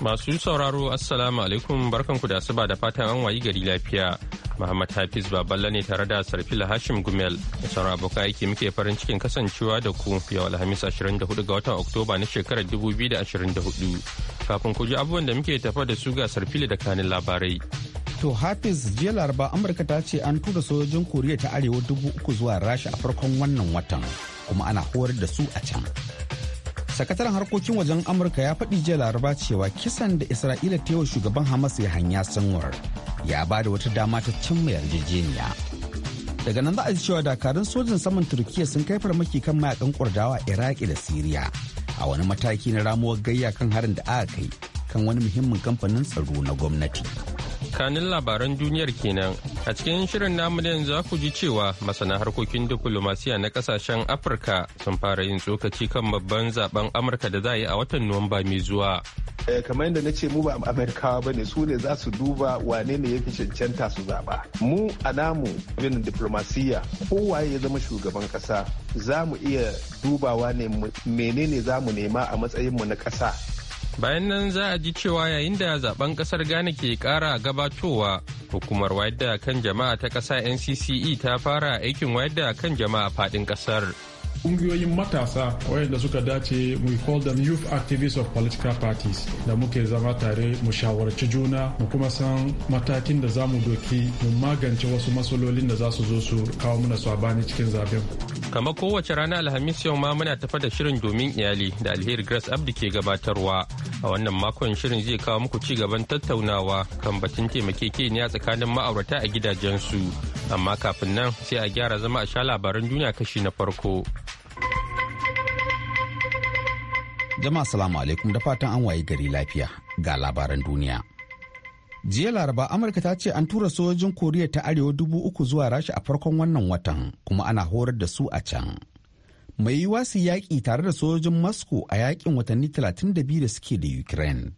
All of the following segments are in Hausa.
Masu sauraro Assalamu alaikum barkanku da asuba da fatan an wayi gari lafiya. Muhammad Hafiz Baballe ne tare da Sarfila Hashim Gumel da sauran abokan aiki muke farin cikin kasancewa da ku yau Alhamis 24 ga watan Oktoba na shekarar 2024. Kafin ku ji abubuwan da muke tafa da su ga Sarfila da kanin labarai. To Hafiz jiya Laraba Amurka ta ce an tura sojojin Koriya ta Arewa dubu uku zuwa Rasha a farkon wannan watan kuma ana horar da su a can. sakataren harkokin wajen amurka ya faɗi jiya laraba cewa kisan da isra'ila ta yi wa shugaban hamas ya hanya sanwar ya ba da wata dama ta cimma yarjejeniya daga nan za a ji cewa dakarun sojin saman turkiya sun kai farmaki kan mayakan kurdawa iraki da siriya a wani mataki na ramuwar gayya kan harin da aka kai kan wani muhimmin kamfanin tsaro na gwamnati kanin labaran duniyar kenan a cikin shirin namu yanzu za ku ji cewa masana harkokin diplomasiya na kasashen afirka sun fara yin tsokaci kan babban zaben amurka da za yi a watan nuwamba mai zuwa eh, kamar yadda na ce mu ba amurkawa ba ne su ne za su duba wane ne ya fi cancanta su zaba mu a namu bin diplomasiya kowaye ya zama shugaban kasa za mu iya dubawa ne menene za mu nema a matsayin mu na kasa bayan nan za a ji cewa yayin da zaben kasar ghana ke kara gabatowa hukumar wayar da kan jama'a ta kasa ncce ta fara aikin wayar da kan jama'a fadin kasar ƙungiyoyin matasa wayanda suka dace we call them youth activists of political parties da muke zama tare mu shawarci juna mu kuma san matakin da za mu doki mu magance wasu matsalolin da za su zo su kawo mana sabani cikin zaben kamar kowace rana alhamis yau ma muna tafa da shirin domin iyali da alheri grace abdi ke gabatarwa a wannan makon shirin zai kawo muku ci gaban tattaunawa kan batun taimakekeniya tsakanin ma'aurata a gidajensu amma kafin nan sai a gyara zama a sha labaran duniya kashi na farko Jama'a salamu alaikum da fatan an waye gari lafiya ga labaran duniya. Jiya Laraba Amurka ta ce an tura sojojin Koriya ta Arewa dubu uku zuwa Rasha a farkon wannan watan kuma ana horar da su a can. Mai yiwuwa su yaƙi tare da sojojin Moscow a yaƙin watanni talatin da biyu da suke da Ukraine.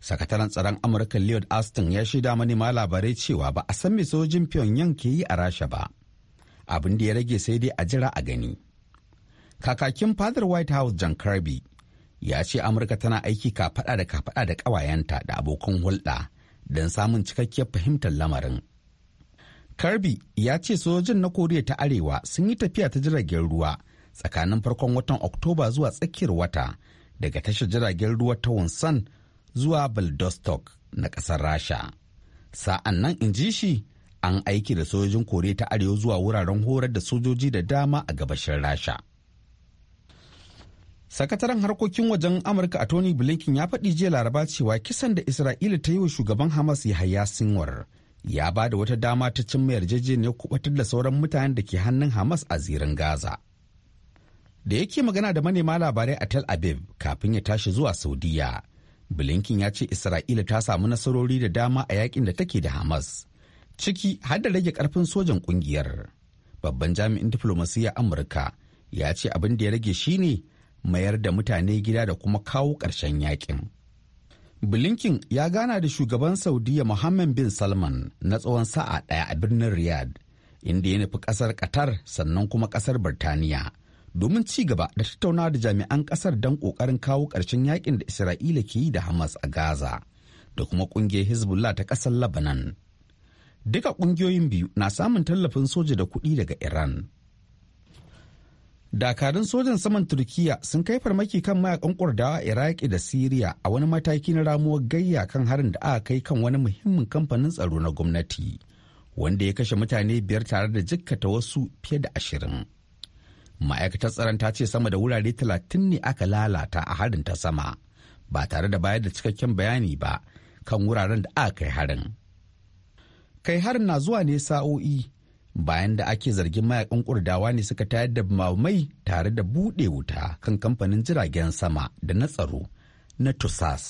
sakataren tsaron amurka lloyd aston ya shaida manema labarai cewa ba a san me sojojin pyongyang ke yi a rasha ba abin da ya rage sai dai a jira a gani kakakin father white house john kirby ya ce amurka tana aiki kafaɗa da kafaɗa da ƙawayenta da abokan hulɗa don samun cikakkiyar fahimtar lamarin Karbi ya ce sojojin na Koriya ta Arewa sun yi tafiya ta jiragen ruwa tsakanin farkon watan Oktoba zuwa tsakiyar wata daga tashar jiragen ruwa ta Wonsan zuwa baldostok na ƙasar Rasha. Sa'an nan in ji shi an aiki da sojojin Koriya ta Arewa zuwa wuraren horar da sojoji da dama a gabashin Rasha. Sakataren harkokin wajen Amurka a Tony Blinken ya faɗi jiya laraba cewa kisan da Isra'ila ta yi wa shugaban Hamas Yahaya Sinwar ya ba da wata dama ta cimma yarjejeniyar kubatar da sauran mutanen da ke hannun Hamas a zirin Gaza. Da yake magana da manema labarai a Tel Aviv kafin ya tashi zuwa Saudiya, Blinken ya ce Isra'ila ta samu nasarori da dama a yakin da take da Hamas, ciki har da rage karfin sojan kungiyar. Babban jami'in diflomasiyya Amurka ya ce abin da ya rage shine mayar da mutane gida da kuma kawo ƙarshen yakin. Blinken ya gana da shugaban Saudiya Mohammed bin Salman na tsawon sa'a ɗaya a birnin Riyadh, inda ya nufi ƙasar Qatar sannan kuma ƙasar Birtaniya, domin ci gaba da tattauna da jami'an ƙasar don ƙoƙarin kawo ƙarshen yakin da Isra'ila ke yi da Hamas a Gaza da kuma ƙungiyar Hezbollah ta ƙasar Lebanon. Duka ƙungiyoyin biyu na samun tallafin soja da kuɗi daga Iran. dakarun sojan saman turkiya sun kai farmaki kan mayakan kurdawa iraki da siriya a wani mataki na ramuwar gayya kan harin da aka kai kan wani muhimmin kamfanin tsaro na gwamnati wanda ya kashe mutane biyar tare da jikkata wasu fiye da ashirin ma'aikatar tsaron ta ce sama da wurare talatin ne aka lalata a harin ta sama ba tare da bayar da cikakken bayani ba kan wuraren da aka kai harin kai harin na zuwa ne sa'o'i bayan da ake zargin mayakan kurdawa ne suka tayar da mamai tare da buɗe wuta kan kamfanin jiragen sama da na tsaro na tusas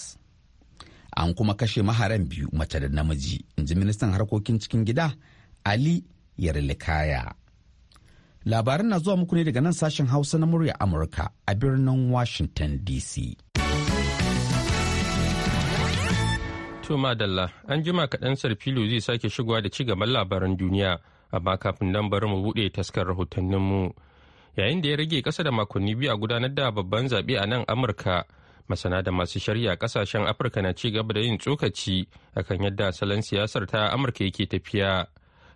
an kuma kashe maharan biyu mace da namiji in ji ministan harkokin cikin gida ali yarlikaya labaran na zuwa muku ne daga nan sashen hausa na murya amurka a birnin washington dc to madalla an jima kaɗan sarfilo zai sake shigowa da ci gaban labaran duniya amma kafin nan bari mu buɗe taskar rahotanninmu yayin da ya rage ƙasa da makonni biyu a gudanar da babban zaɓe a nan amurka masana da masu shari'a ƙasashen afirka na ci gaba da yin tsokaci akan yadda salon siyasar ta amurka yake tafiya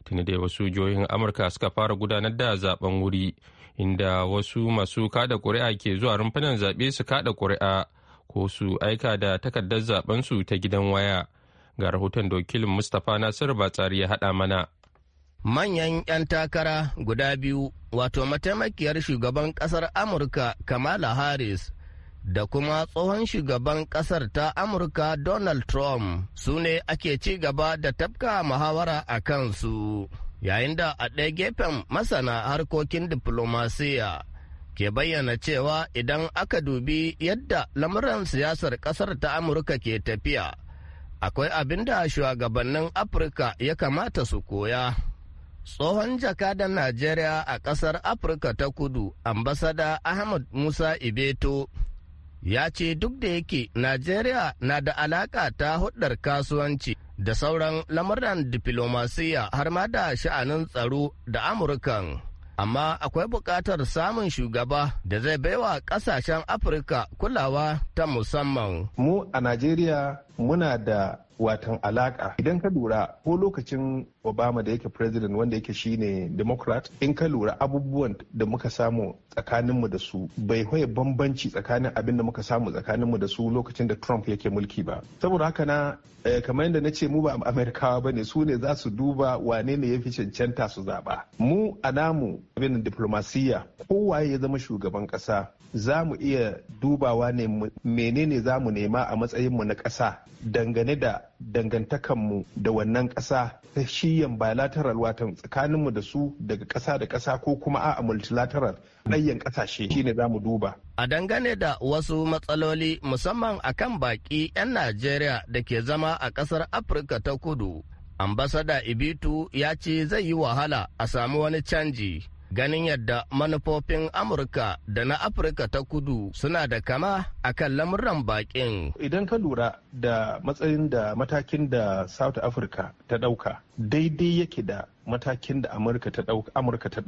tuni da wasu jihohin amurka suka fara gudanar da zaben wuri inda wasu masu kada ƙuri'a ke zuwa rumfunan zaɓe su kada ƙuri'a ko su aika da takardar zaben su ta gidan waya ga rahoton da wakilin mustapha nasiru tsari ya haɗa mana manyan 'yan takara guda biyu wato mataimakiyar shugaban kasar amurka kamala harris da kuma tsohon shugaban kasar ta amurka donald trump su ne ake ci gaba da tafka muhawara a kansu yayin da a ɗaya gefen masana harkokin diplomasiya ke bayyana cewa idan aka dubi yadda lamuran siyasar kasar ta amurka ke tafiya akwai abin da shugabannin afirka ya kamata su koya Tsohon jakadan Najeriya a ƙasar Afirka ta kudu, ambasada Ahmad Musa Ibeto, ya ce duk da yake Najeriya na da alaƙa ta hudar kasuwanci da sauran lamuran diplomasiya har ma da sha'anin tsaro da Amurkan. Amma akwai buƙatar samun shugaba da zai baiwa ƙasashen Afirka kulawa ta musamman. Mu a Najeriya muna da watan alaka idan ka lura ko lokacin obama da yake president wanda yake shine democrat in ka lura abubuwan da muka samu tsakaninmu da su bai hoye bambanci tsakanin abin da muka samu tsakaninmu da su lokacin da trump yake mulki ba saboda haka na eh, kamar yadda na ce mu ba amerikawa ba ne su ne za su duba wane ne ya fi cancanta su zaɓa mu a namu abin diplomasiya kowaye ya zama shugaban kasa za mu iya dubawa ne menene za mu nema a matsayinmu na kasa dangane da dangantakanmu da wannan ƙasa ta shiyan bilateral watan tsakaninmu da su daga ƙasa da ƙasa ko kuma a multilateral ɗayyan ƙasashe shine za mu duba. A dangane da wasu matsaloli musamman a kan baƙi 'yan Najeriya da ke zama a ƙasar Afirka ta kudu, ambasada Ibitu ya ce zai yi wahala a samu wani canji. ganin yadda manufofin amurka da na afirka ta kudu suna da kama a kan lamuran bakin idan ka lura da matsayin da matakin da south africa ta dauka daidai yake da matakin da amurka ta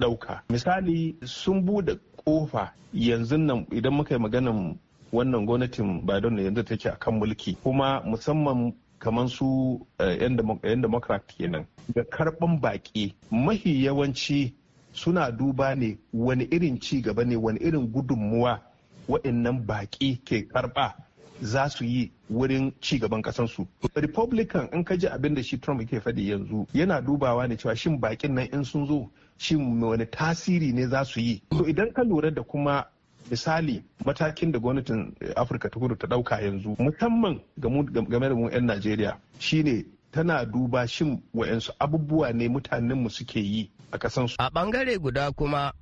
dauka misali sun bude ƙofa yanzu nan idan muka yi maganan wannan gwamnatin Biden da yanzu take kan mulki kuma musamman kamar su eh, 'yan democrat kenan ga karban baki mafi yawanci suna duba ne wani irin ci gaba ne wani irin gudunmuwa waɗannan baki ke karba za su yi wurin ci gaban kasansu. Republican in ka ji abin da shi Trump ke faɗi yanzu yana dubawa ne cewa shin bakin nan in sun zo shin wani tasiri ne za su yi. To idan ka lura da kuma misali matakin da gwamnatin eh, afirka ta kudu ta dauka yanzu musamman game da mu 'yan najeriya shine tana duba shin wa'yansu abubuwa ne mutanenmu suke yi a kasansu a bangare guda kuma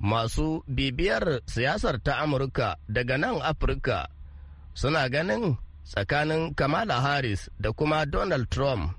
masu bibiyar siyasar ta amurka daga nan afirka suna ganin tsakanin kamala harris da kuma donald trump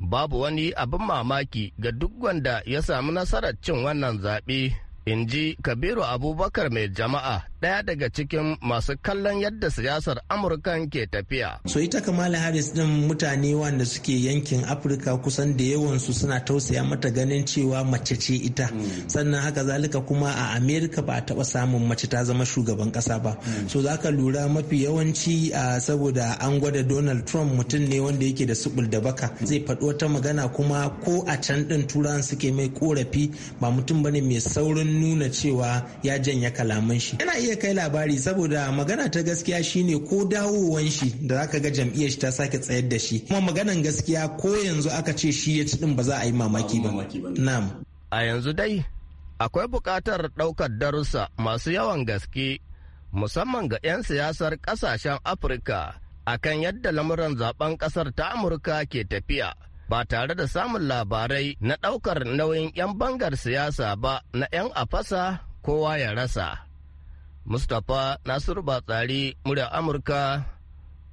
babu wani abin mamaki ga duk wanda ya samu nasarar cin wannan zaɓe in ji kabiru abubakar mai jama'a ɗaya daga cikin masu kallon yadda siyasar amurkan ke tafiya so ita kamala harris din mutane wanda suke yankin afirka kusan da yawansu suna tausaya mata ganin cewa mace ce ita sannan haka zalika kuma a amerika ba a taba samun mace ta zama shugaban kasa ba so za ka lura mafi yawanci a saboda an gwada donald trump mutum ne wanda yake da subul da baka zai faɗo wata magana kuma ko a can din turan suke mai korafi ba mutum bane mai saurin nuna cewa ya janye kalaman shi yana iya kai labari saboda magana ta gaskiya shine ko dawowan shi da zaka ga jam'iyyar shi ta sake tsayar da shi kuma maganan gaskiya ko yanzu aka ce shi ya ci din ba za a yi mamaki ba na'am a yanzu dai akwai buƙatar ɗaukar darussa masu yawan gaske musamman ga 'yan siyasar kasashen afirka akan yadda lamuran zaben ƙasar ta amurka ke tafiya ba tare da samun labarai na ɗaukar nauyin 'yan bangar siyasa ba na 'yan afasa kowa ya rasa. Mustapha Nasiru Batsari murya Amurka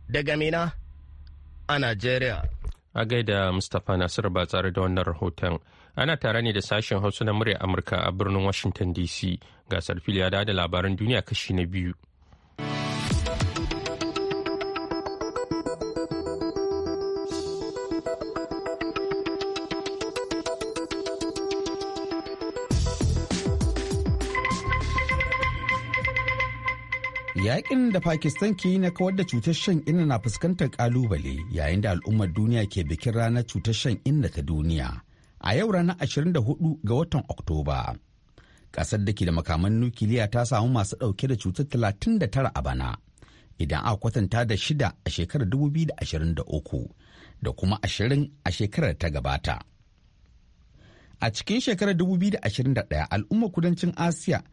daga Mina a Najeriya. A gaida Mustapha Nasiru Batsari da wannan rahoton. Ana tare ne da sashen Hausa na murya Amurka a birnin Washington DC. Gasar filiya da labaran duniya kashi na biyu. Yaƙin da Pakistan ke yi na kawar da cutar shan inna na fuskantar kalubale yayin da al'ummar duniya ke bikin ranar cutar shan inna ta duniya a yau ranar 24 ga watan Oktoba. Ƙasar da ke da makaman nukiliya ta samu masu dauke da cutar 39 a bana idan aka kwatanta da shida a shekarar 2023 da kuma 20 a shekarar ta gabata. A cikin shekarar 2021 al'ummar kudancin Asiya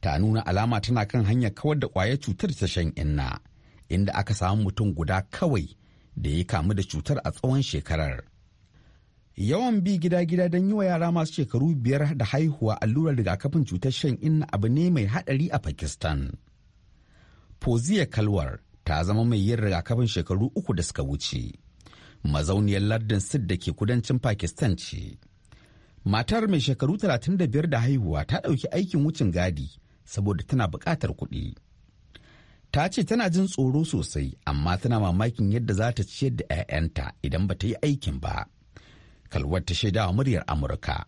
ta nuna alama tana kan hanyar kawar da kwayar cutar ta shan inna inda aka samu mutum guda kawai da ya kamu da cutar a tsawon shekarar yawan bi gida-gida don yi wa yara masu shekaru biyar da haihuwa allurar rigakafin cutar shan inna abu ne mai haɗari a pakistan poziya kalwar ta zama mai yin rigakafin shekaru uku da suka wuce mazauniyar lardin sid da ke kudancin pakistan ce matar mai shekaru talatin da biyar da haihuwa ta ɗauki aikin wucin gadi saboda tana buƙatar kuɗi. Ta ce tana jin tsoro sosai amma tana mamakin yadda za ta ciyar da 'ya'yanta idan ba ta yi aikin ba. Kalwar ta shaida wa muryar Amurka.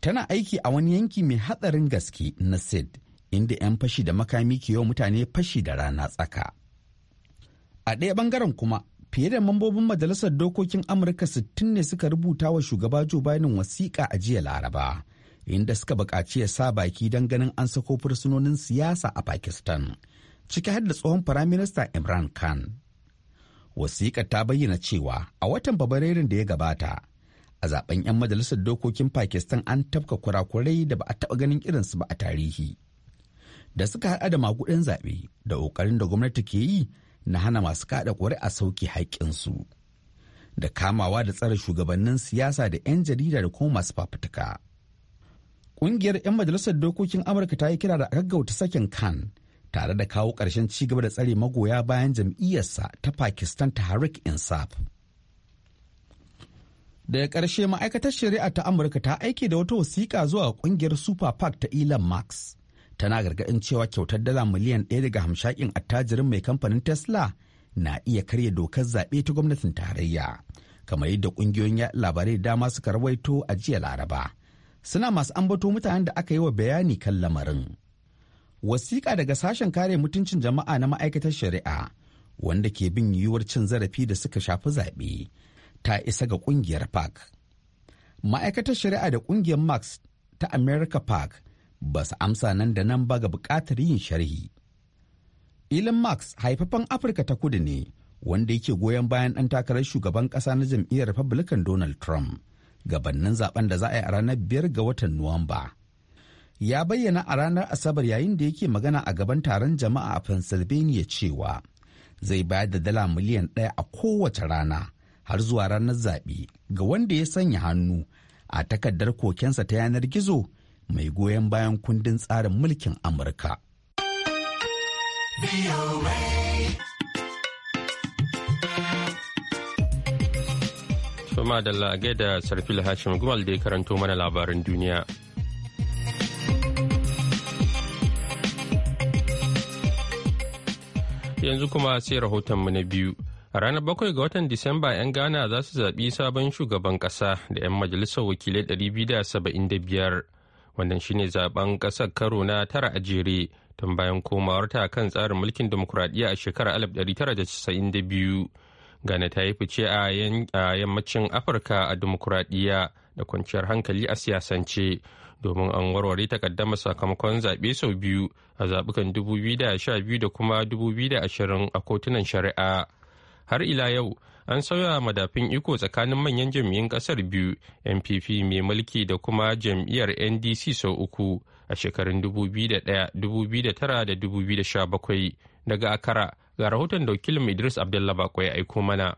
Tana aiki a wani yanki mai hatsarin gaske na Sid inda 'yan fashi da makami ke yau mutane fashi da rana tsaka. A ɗaya ɓangaren kuma fiye da mambobin majalisar dokokin amurka 60 ne suka rubuta wa shugaba joe biden wasiƙa a jiya laraba inda suka buƙaci ya sa baki don ganin an sako fursunonin siyasa a Pakistan, ciki har da tsohon Firaminista Imran Khan. Wasiƙa ta bayyana cewa a watan Fabrairun da ya gabata, a zaben 'yan majalisar dokokin Pakistan an tafka kurakurai da ba a taɓa ganin irinsu ba a tarihi. Da suka haɗa da maguɗin zaɓe da ƙoƙarin da gwamnati ke yi na hana masu kaɗa ƙuri'a sauki haƙƙinsu. Da kamawa da tsare shugabannin siyasa da 'yan jarida da kuma masu fafutuka. Ƙungiyar 'yan majalisar dokokin Amurka ta yi kira da gaggauta sakin kan tare da kawo ƙarshen ci gaba da tsare magoya bayan jam'iyyarsa ta Pakistan ta Tehreek Insaf. Daga ƙarshe ma'aikatar shari'a ta Amurka ta aike da wata wasiƙa zuwa ƙungiyar Super park ta Elon Musk. Tana gargaɗin cewa kyautar dala miliyan ɗaya daga hamshakin attajirin mai kamfanin Tesla na iya karya dokar zaɓe ta gwamnatin tarayya. kamar yadda ƙungiyoyin labarai dama suka rawaito a jiya laraba. suna masu ambato mutanen da aka yi wa bayani kan lamarin. Wasiƙa daga sashen kare mutuncin jama'a na ma'aikatar shari'a wanda ke bin yiwuwar cin zarafi da suka shafi zaɓe ta isa ga ƙungiyar park. Ma'aikatar shari'a da ƙungiyar Max ta America park ba su amsa nan da nan ba ga buƙatar yin sharhi. Ilin Max haifafan Afirka ta kudu ne wanda yake goyon bayan ɗan takarar shugaban ƙasa na jam'iyyar Republican Donald Trump. gabannin zaben da za a yi a ranar biyar ga watan Nuwamba. Ya bayyana a ranar Asabar yayin da yake magana a gaban taron jama'a a Pennsylvania cewa zai bayar da dala miliyan ɗaya a kowace rana har zuwa ranar zaɓe ga wanda ya sanya hannu a takardar kokensa ta yanar gizo mai goyon bayan kundin tsarin mulkin Amurka. To da a da Sarfil Hashim Gumal da ya karanto mana labarin duniya. Yanzu kuma sai rahotonmu na biyu. A ranar bakwai ga watan Disamba 'yan Ghana za su zaɓi sabon shugaban ƙasa da 'yan majalisar wakilai 275. Wannan shine zaben ƙasar karo na tara a jere tun bayan komawarta kan tsarin mulkin demokuraɗiyya a shekarar 1992. Ghana ta yi fice a yammacin Afirka a dimokuraɗiyya da kwanciyar hankali a siyasance domin an warware takaddama sakamakon zaɓe sau biyu a zaɓukan 2012 da kuma 2020 a kotunan shari'a. Har ila yau, an sauya madafin iko tsakanin manyan jam'iyyun ƙasar biyu, MPP mai mulki da kuma jam'iyyar NDC sau uku a shekarun 2001, 2009 da 2017 daga Akara. ga rahoton da wakilin idris abdullah bako ya aiko mana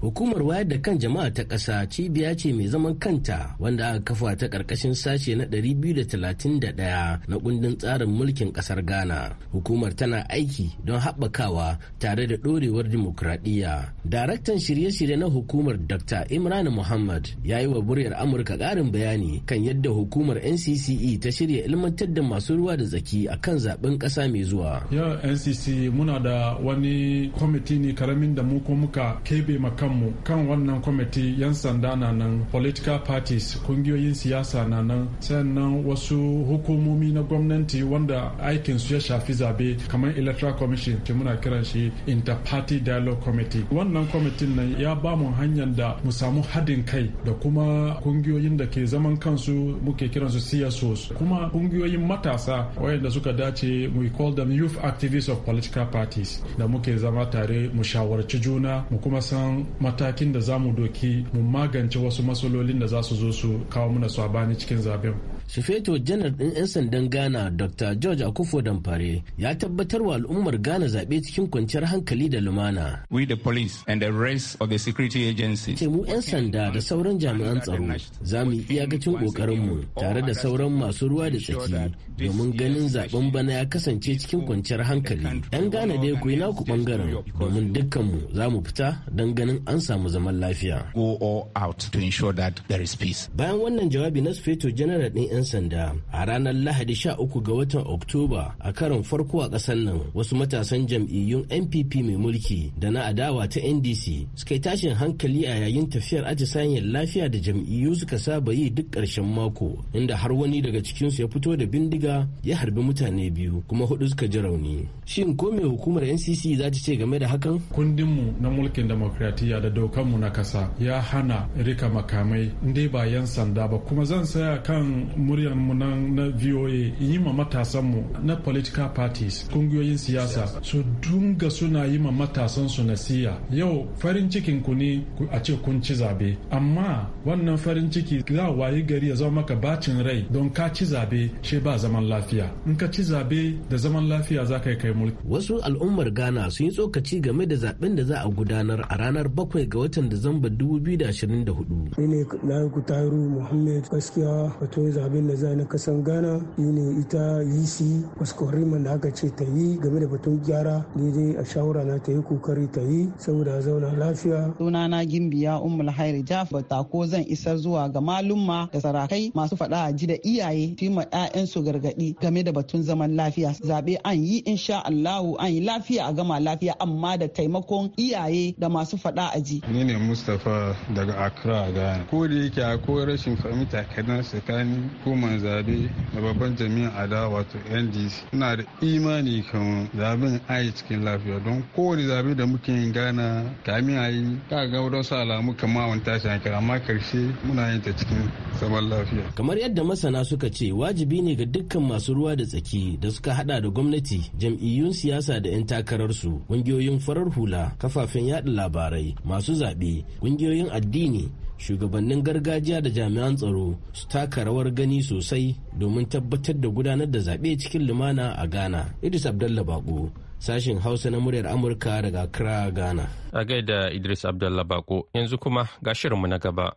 Hukumar wayar da kan jama'a ta ƙasa cibiya ce mai zaman kanta wanda aka kafa ta ƙarƙashin sashe na 231 na kundin tsarin mulkin ƙasar Ghana. Hukumar tana aiki don haɓakawa tare da ɗorewar dimokuraɗiyya. Daraktan shirye-shirye na hukumar Dr. Imran Muhammad ya yi wa muryar Amurka ƙarin bayani kan yadda hukumar NCCE ta shirya ilmantar da masu ruwa da tsaki a kan zaɓen ƙasa mai zuwa. Yau NCC e, muna da wani kwamiti ne karamin da mu ko muka kebe maka kanmu kan wannan kwamiti yan sanda na nan political parties kungiyoyin siyasa na nan sannan wasu hukumomi na gwamnati wanda aikinsu ya shafi zabe kamar electoral commission ke muna kiran shi interparty dialogue committee wannan kwamitin nan ya ba mu hanyar da mu samu haɗin kai da kuma kungiyoyin da ke zaman kansu muke kiransu csos kuma kungiyoyin matasa wayanda suka dace we call them youth activists of political parties da muke zama tare mu shawarci juna mu kuma san matakin da za mu doki mu magance wasu matsalolin da za su zo su kawo mana su cikin zaben Sufeto janar ɗin 'yan sandan Ghana Dr. George Akufo Damfare ya tabbatar wa al'ummar Ghana zaɓe cikin kwanciyar hankali da lumana. We the police and the rest of the security agencies. Ce mu 'yan sanda da sauran jami'an tsaro za mu yi iyakacin ƙoƙarinmu tare da sauran masu ruwa da tsaki domin ganin zaɓen bana ya kasance cikin kwanciyar hankali. 'Yan Ghana dai ku yi naku ɓangaren domin dukkanmu za mu fita don ganin an samu zaman lafiya. Go all out to ensure that there is peace. Bayan wannan jawabi na Sufeto janar ɗin 'yan sanda a ranar Lahadi 13 ga watan Oktoba a karon farko a ƙasar nan wasu matasan jam'iyyun NPP mai mulki da na adawa ta NDC suka yi tashin hankali a yayin tafiyar atisayen lafiya da jam'iyyu suka saba yi duk ƙarshen mako inda har wani daga cikinsu ya fito da bindiga ya harbi mutane biyu kuma hudu suka ji rauni. Shin ko me hukumar NCC za ta ce game da hakan? Kundinmu na mulkin demokratiya da mu na kasa ya hana rika makamai inda ba 'yan sanda ba kuma zan saya kan muryar mu nan na VOA yi ma matasan mu na political parties kungiyoyin siyasa su dunga suna yi ma matasan su nasiya yau farin cikin ku ne a ce kun ci zabe amma wannan farin ciki za wayi gari ya zama maka bacin rai don ka ci zabe she ba zaman lafiya in ka ci zabe da zaman lafiya za ka yi kai mulki wasu al'ummar Ghana sun yi tsokaci game da zaben da za a gudanar a ranar bakwai ga watan Disamba 2024 ne na kutaru Muhammad gaskiya wato zabe abin da za na kasan ghana ne ita yisi kwaskwarin da aka ce ta yi game da batun gyara daidai a shawara na ta yi kokari ta yi saboda a zauna lafiya sunana gimbiya ummul jafa jafar ko zan isa zuwa ga malumma da sarakai masu faɗa ji da iyaye su ma 'ya'yansu gargaɗi game da batun zaman lafiya zaɓe an yi insha allahu an yi lafiya a gama lafiya amma da taimakon iyaye da masu faɗa a ji ni ne mustapha daga accra ghana ko da yake akwai rashin fahimta kadan tsakanin hukumar zabe da babban jami'an ada wato ndc ina da imani kan zaben ayi cikin lafiya don kowane zabe da muke yin gana kamin a yi ta ga wadansu alamu kama wani tashin hankali amma karshe muna yin ta cikin zaman lafiya kamar yadda masana suka ce wajibi ne ga dukkan masu ruwa da tsaki da suka hada da gwamnati jam'iyyun siyasa da 'yan takararsu ƙungiyoyin farar hula kafafen yaɗa labarai masu zaɓe ƙungiyoyin addini shugabannin gargajiya da jami'an tsaro su taka rawar gani sosai domin tabbatar da gudanar da zaɓe cikin lumana a ghana idris abdallah bako sashin hausa na muryar amurka daga accra ghana a gaida idris abdallah bako yanzu kuma ga shirinmu na gaba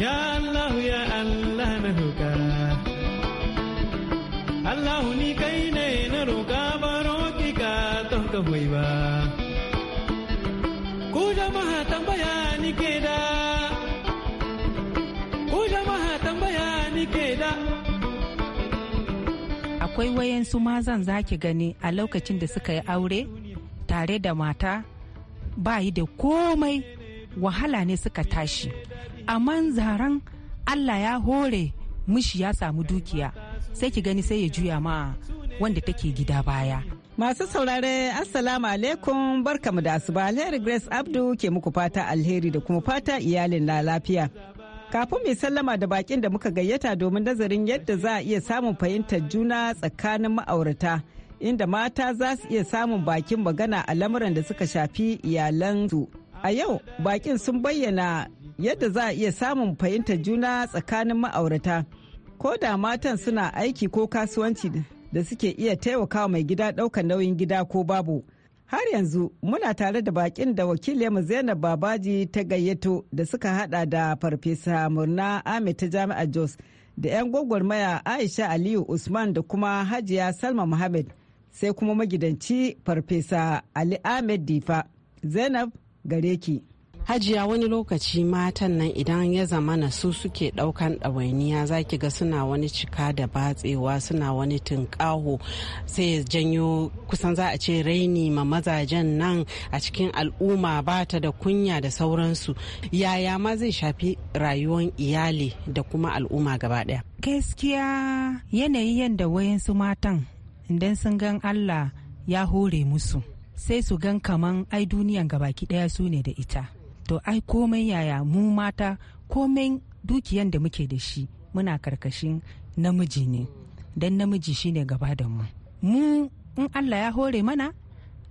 ya allah ya allah na roka allah ni kai ne na roka baro ki ka ton ka ku jama'a tambaya ni ke da akwai wayansu mazan zaki gani a lokacin da suka yi aure tare da mata ba yi da komai wahala ne suka tashi amma zaren allah ya hore mushi ya samu dukiya sai ki gani sai ya juya ma wanda take gida baya Masu saurare Assalamu alaikum barkamu da asuba Alheri Grace Abdu ke muku fata alheri da kuma fata iyalin na lafiya. Kafin mai sallama da bakin da muka gayyata domin nazarin yadda za a iya samun fahimtar juna tsakanin ma'aurata. Inda mata za su iya samun bakin magana a lamuran da suka shafi iyalansu. A yau bakin sun bayyana yadda za a iya samun fahimtar juna tsakanin ma'aurata. Ko da matan suna aiki ko kasuwanci da suke iya taimakawa mai gida ɗaukar nauyin gida ko babu. Har yanzu muna tare da bakin da wakilinmu Zainab Babaji ta gayyato da suka hada da Farfesa Murna Ahmed ta Jami'ar Jos da 'yan gwagwarmaya Aisha Aliyu Usman da kuma Hajiya Salma Muhammad sai kuma magidanci Farfesa Ali Ahmed Difa. Zainab gareki. hajiya wani lokaci matan nan idan ya zama na su suke daukan ɗawainiya za ki ga suna wani cika da batsewa suna wani tunƙaho sai ya janyo kusan za a ce raini ma mazajen nan a cikin al'umma ba ta da kunya da sauransu yaya ma zai shafi rayuwar iyali da kuma al'umma gaba ɗaya gaskiya yanayi yadda su matan idan sun gan allah ya hore musu sai su gan kaman ai duniyan gabaki ɗaya su ne da ita to ai komai yaya mu mata komai dukiyan da muke da shi muna karkashin namiji ne don namiji shine gaba da mu mu in allah ya hore mana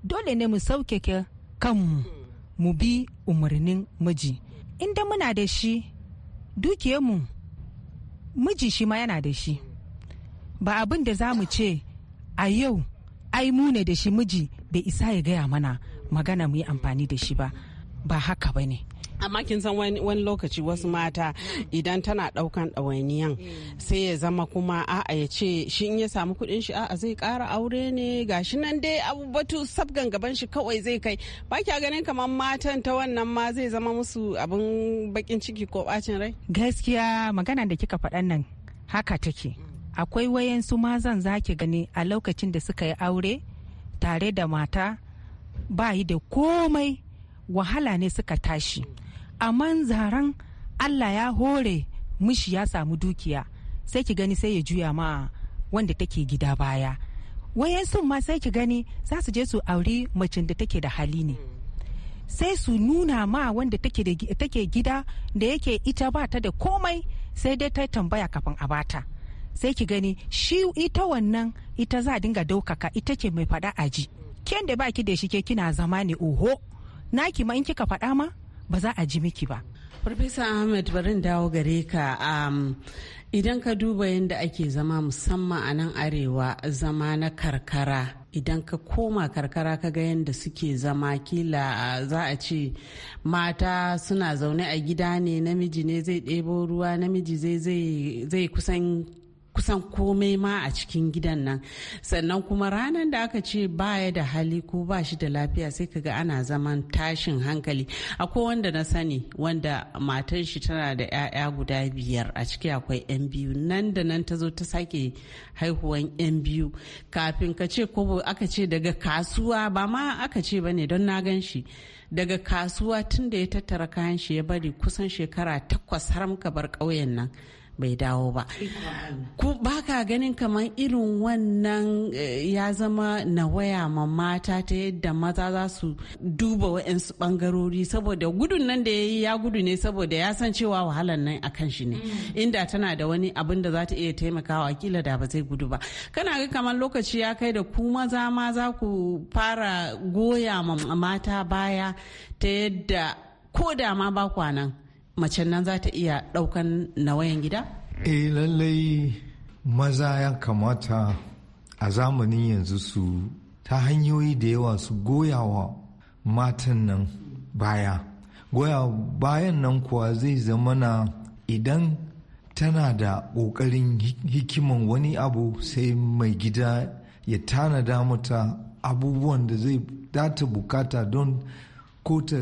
dole ne mu sauke kanmu mu bi umarnin miji inda muna da shi mu miji shi ma yana da shi ba abin da za mu ce a yau ai mu ne da shi miji bai isa ya gaya mana magana mu yi amfani da shi ba ba haka ba ne amma kin san wani, lokaci wasu mata idan tana daukan ɗawainiyan sai ya zama kuma a'a ya ce shi in ya samu kuɗin shi a'a zai ƙara aure ne gashi nan dai abubatu sabgan gaban shi kawai zai kai ba kya ganin kamar matan ta wannan ma zai zama musu abin bakin ciki ko bacin rai gaskiya magana da kika faɗan nan haka take akwai wayansu mazan zaki gani a lokacin da suka yi aure tare da mata ba yi da komai wahala ne suka tashi amma zaren allah ya hore mishi ya samu dukiya sai ki gani sai ya juya ma wanda take gida baya wayansu ma sai ki gani za su je su auri macin da take da hali ne sai su nuna ma wanda take gida da yake ita ba ta da komai sai dai ta tambaya kafin a bata sai ki gani shi ita wannan ita za a dinga daukaka ita ke mai fada aji ken da baki da shi ke kina zama ne oho naki ma in kika faɗa ma ba za a ji miki ba Farfesa Ahmed barin dawo gare ka um, idan ka duba yadda ake zama musamman a nan arewa zama na karkara idan ka koma karkara ka ga yadda suke zama kila za a ce mata suna zaune a gida ne namiji ne zai ɗebo ruwa namiji zai kusan kusan komai ma a cikin gidan nan sannan kuma ranar da aka ce baya da hali ko ba shi da lafiya sai kaga ana zaman tashin hankali akwai wanda na sani wanda matan shi tana da 'ya'ya guda biyar a ciki akwai 'yan biyu nan da nan ta zo ta sake haihuwan 'yan biyu kafin ka ce ko aka ce daga kasuwa ba ma aka ce ba ne don na gan shi daga kasuwa tun da ya tattara kayan shi ya bari kusan shekara takwas har muka bar ƙauyen nan bai dawo ba ku baka ganin kamar irin wannan eh, ya zama na waya ma mata ta yadda maza za su duba wa'yansu bangarori saboda gudun nan da ya yi ya gudu ne saboda ya san cewa wahalar nan a kan shi ne mm. inda tana da wani abin da za ta iya taimakawa kila da ba zai gudu ba kana ga kamar lokaci ya kai da ku maza ma za ku fara goya ma mata baya ta yadda ko da ma ba kwanan macen nan za ta iya ɗaukan nawayan gida? eh lallai maza ya kamata a zamanin yanzu su ta hanyoyi da yawa su goyawa matan nan baya goya bayan nan kuwa zai zama na idan tana da ƙoƙarin hikiman wani abu sai mai gida ya tanada mata abubuwan da zai data bukata don ko ta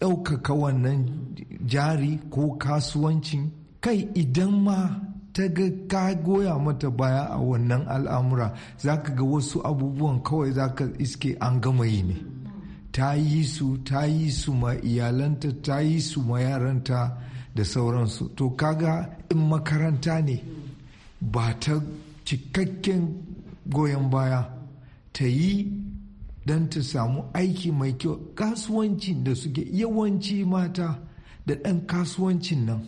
ɗaukaka wannan jari ko kasuwancin kai idan ma ta ga ka goya mata baya a wannan al'amura za ka ga wasu abubuwan kawai za ka iske an gama yi ne ta yi su ta yi su ma iyalanta ta yi su ma yaranta da sauransu to kaga in makaranta ne ba ta cikakken goyon baya ta yi don ta samu aiki mai kyau kasuwancin da suke yawanci mata da ɗan kasuwancin nan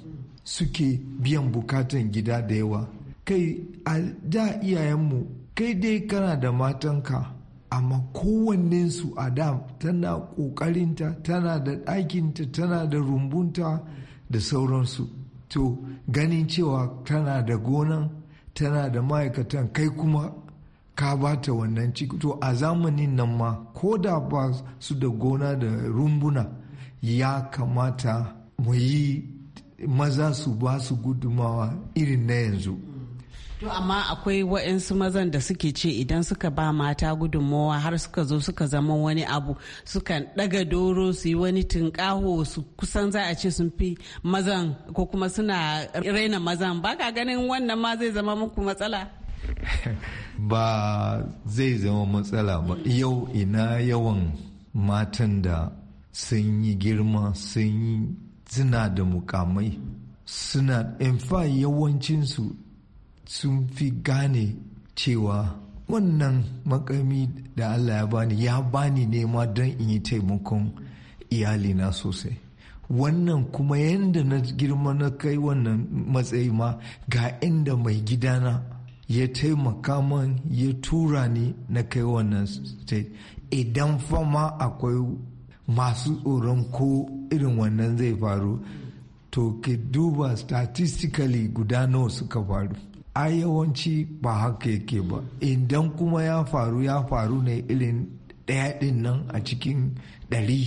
suke biyan bukatan gida da yawa kai a da iyayenmu kai dai kana da matanka amma kowannensu a da tana ƙoƙarinta tana da ɗakinta tana da rumbunta da sauransu to ganin cewa tana da gonan tana da ma'aikatan kai kuma ka ba ta wannan ciki to a zamanin nan ma ko da ba su da gona da rumbuna ya kamata mu yi maza su ba su gudumawa irin na yanzu To amma akwai wa'insu mazan da suke ce idan suka ba mata gudunmawa har suka zo suka zama wani abu sukan ɗaga doro su yi wani tunkaho su kusan za a ce sun fi mazan ko kuma suna raina mazan ba ka ganin wannan ma zai zama muku matsala? ba zai zama matsala ba yau ina yawan matan da sun yi girma sun yi suna da mukamai suna fa yawancinsu sun fi gane cewa wannan makami da allah ya bani ya bani nema don in yi taimakon iyalina sosai wannan kuma yadda na girma na kai wannan matsayi ma ga inda mai gidana ya taimaka man ya tura ni na kai wannan state idan fama akwai masu tsoron ko irin wannan zai faru to ki duba statistically guda nawa suka faru a yawanci ba haka yake ba idan kuma ya faru ya faru ne irin ɗaya ɗin nan a cikin ɗari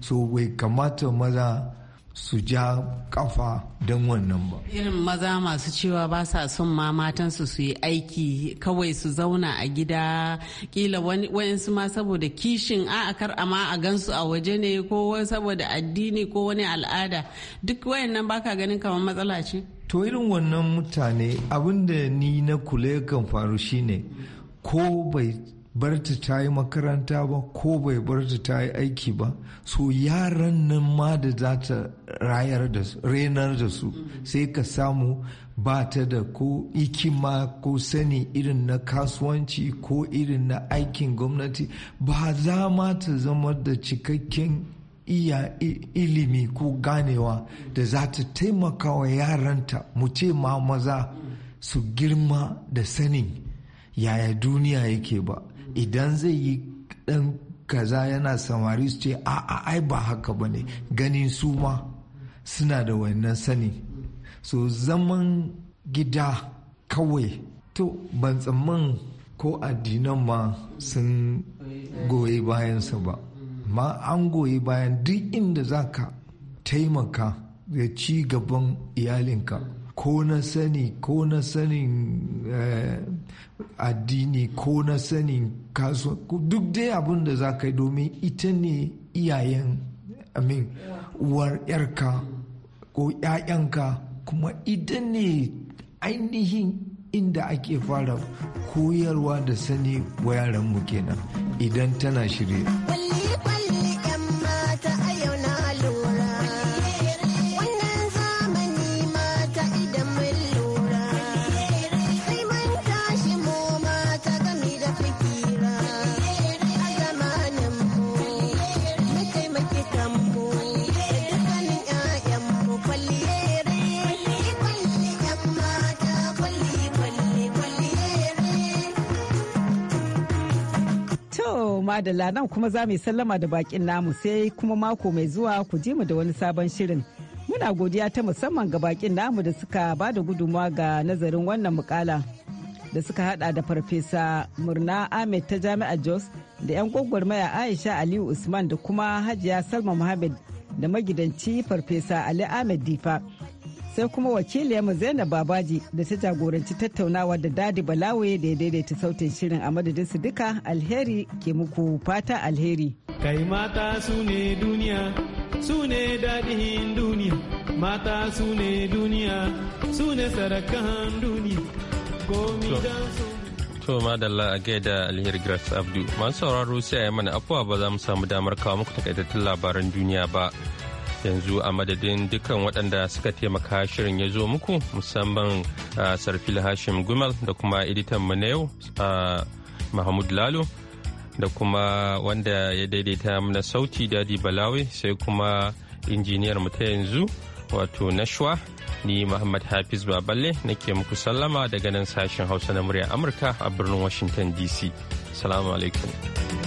so bai kamata maza su ja kafa don wannan ba. Irin maza masu cewa ba sa son ma matansu su yi aiki kawai su zauna a gida kila wayansu ma saboda kishin a kar a a gansu a waje ne ko saboda addini ko wani al'ada duk wayannan baka ganin kamar matsala ce? To irin wannan mutane abinda ni na kule kan faru shine ko bai barta ta yi makaranta ba ko bai barta ta yi aiki ba so yaran nan ma da za ta rayar da su renar da su sai ka samu ba ta da ko ikima ko sani irin na kasuwanci ko irin na aikin gwamnati ba za ma ta zama da cikakken iya ilimi ko ganewa da za ta taimaka wa yaranta mu ce ma maza su girma da sanin yaya duniya yake ba idan zai yi ɗan kaza yana samari su ce a'a ai ba haka ba ne ganin su ma suna da wannan sani so zaman gida kawai to ban tsamman ko addinan ma sun goyi bayansa ba ma an goyi bayan duk inda za ka taimaka ga ci gaban iyalinka ko na sani ko na sanin eh, addini ko na sanin kasuwa duk dai abin da za ka yi domin ita ne iyayen amin uwar yarka ko 'ya'yanka kuma ita ne ainihin inda ake fara koyarwa da sani wa yaranmu kenan idan tana shirya. To madalla nan kuma za mu sallama da bakin namu sai kuma mako mai zuwa ku ji mu da wani sabon shirin. Muna godiya ta musamman ga bakin namu da suka ba da gudunmawa ga nazarin wannan mukala da suka hada da farfesa murna Ahmed ta jami'a Jos da 'yan gwagwarmaya Aisha Aliyu Usman da kuma Hajiya Salma Muhammad da magidanci farfesa Ali Ahmed Difa. sai kuma wakiliyarmu zainab babaji da ta jagoranci tattaunawa da dadi balawe da ya daidaita sautin shirin a madadin su duka alheri ke muku fata alheri kai mata su ne duniya su ne dadihin duniya mata su ne duniya su ne sarakan duniya komi dan su To madalla a gaida alheri grass Abdu masu sauraro sai a yi mana afuwa ba za mu samu damar kawo muku takaitattun labaran duniya ba yanzu a madadin dukkan waɗanda suka taimaka shirin ya zo muku musamman sarfil hashim gumal da kuma editan mu na yau mahmud lalo da kuma wanda ya daidaita mana sauti dadi balawe sai kuma injiniyar mu ta yanzu wato nashwa ni muhammad hafiz baballe nake muku sallama daga nan sashen hausa na murya amurka a birnin washington dc salamu alaikum